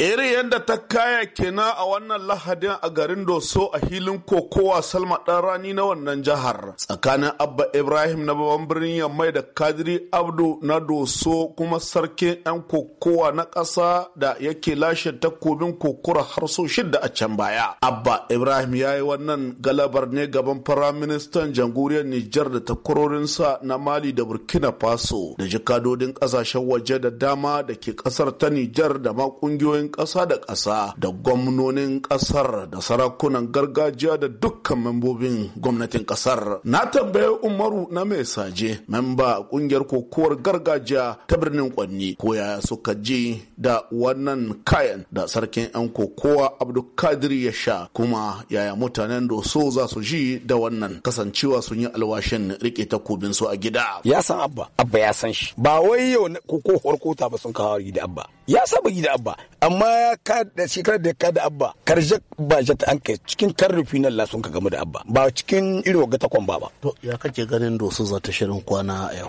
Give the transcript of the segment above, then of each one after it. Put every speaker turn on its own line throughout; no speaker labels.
irin yadda ta kaya kenan a wannan lahadin a garin doso a hilin kokowa salma ɗan rani na wannan jihar tsakanin abba ibrahim na babban birnin yammai da kadiri abdu na doso kuma sarkin yan kokowa na ƙasa da yake lashe takobin kokura har so shidda a can baya abba ibrahim ya yi wannan galabar ne gaban firaministan jamhuriyar nijar da takwarorinsa na mali da burkina faso da jikadodin ƙasashen waje da dama da ke ƙasar ta nijar da ma ƙungiyoyin ƙasa da ƙasa da gwamnonin ƙasar da sarakunan gargajiya da dukkan membobin gwamnatin ƙasar. Na tambaye Umaru na mai saje memba ƙungiyar kokowar gargajiya ta birnin Kwanni ko yaya suka ji da wannan kayan da sarkin 'yan kokowa Abdulkadir ya sha kuma yaya mutanen doso za su ji da wannan kasancewa sun yi alwashin rike takobin su a gida. Ya san Abba, Abba ya san shi. Ba wai yau ko
ko ba sun kawo da Abba. Ya saba da Abba, amma ya ka da shekarar da ya ka da abba karje ba ta an kai cikin karnufi nan lasun ka gamu da abba ba cikin irin wagga takwan ba ba to
ya kake ganin dosu za ta shirin kwana a yau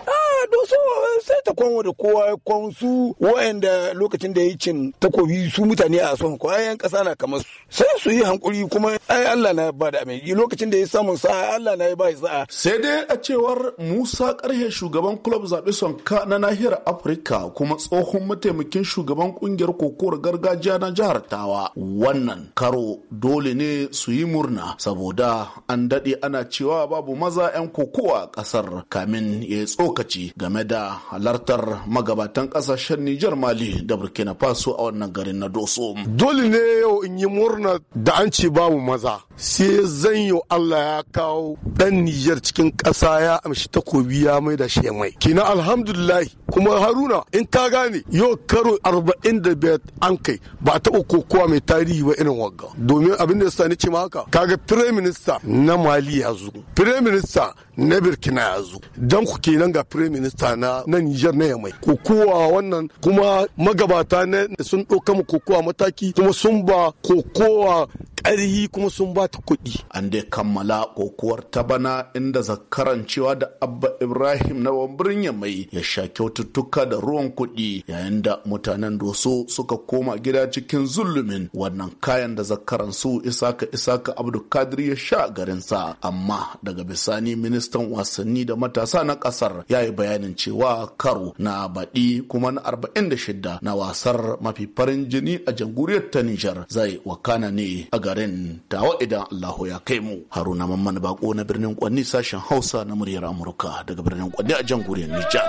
ta kwanwa da kowa kwan su wa'anda lokacin da ya cin takobi su mutane a son ko ayan kasa na kamar su sai su yi hankuri kuma ai Allah na ba
da lokacin da ya samu sa'a Allah
na ya ba sa'a
sai dai a cewar Musa Karhe shugaban club zabe sonka na nahiyar Afirka kuma tsohon mataimakin shugaban kungiyar kokor gargajiya na jihar Tawa wannan karo dole ne su yi murna saboda an daɗe ana cewa babu maza 'yan kokowa ƙasar kamin ya tsokaci game da halar halartar magabatan ƙasashen Nijar Mali da Burkina Faso a wannan garin na Doso. Dole ne yau in yi murna da an ce babu maza. Sai zan yi Allah ya kawo ɗan Nijar
cikin ƙasa ya amshi takobi ya mai da shemai. mai. Kina alhamdulillah kuma haruna in ta gane yau karo 45 an kai ba a taɓa kokowa mai tarihi ba irin wagga domin abin da sani ce haka kaga prime minister na mali ya zo prime minister na burkina ya zo don ku kenan ga prime minister na na niger na yamai kokowa wannan kuma magabata ne sun ɗauka mu kokowa mataki kuma sun ba kokowa
ƙarhi kuma sun ba ta kuɗi. An dai kammala kokuwar ta bana inda zakaran cewa da Abba Ibrahim na wambirin ya mai ya sha kyaututtuka da ruwan kuɗi yayin da mutanen doso suka koma gida cikin zulumin wannan kayan da zakaran su Isaka Isaka Abdulkadir ya sha garin sa amma daga bisani ministan wasanni da matasa na ƙasar ya yi bayanin cewa karo na baɗi kuma na shidda na wasar mafi farin jini a jamhuriyar ta Nijar zai wakana ne a garin yaren tawa idan Allahu ya kai mu. Haruna Mamman Bako na birnin Kwanni sashen Hausa na muryar Amurka daga birnin Kwanni a jamhuriyar Nijar.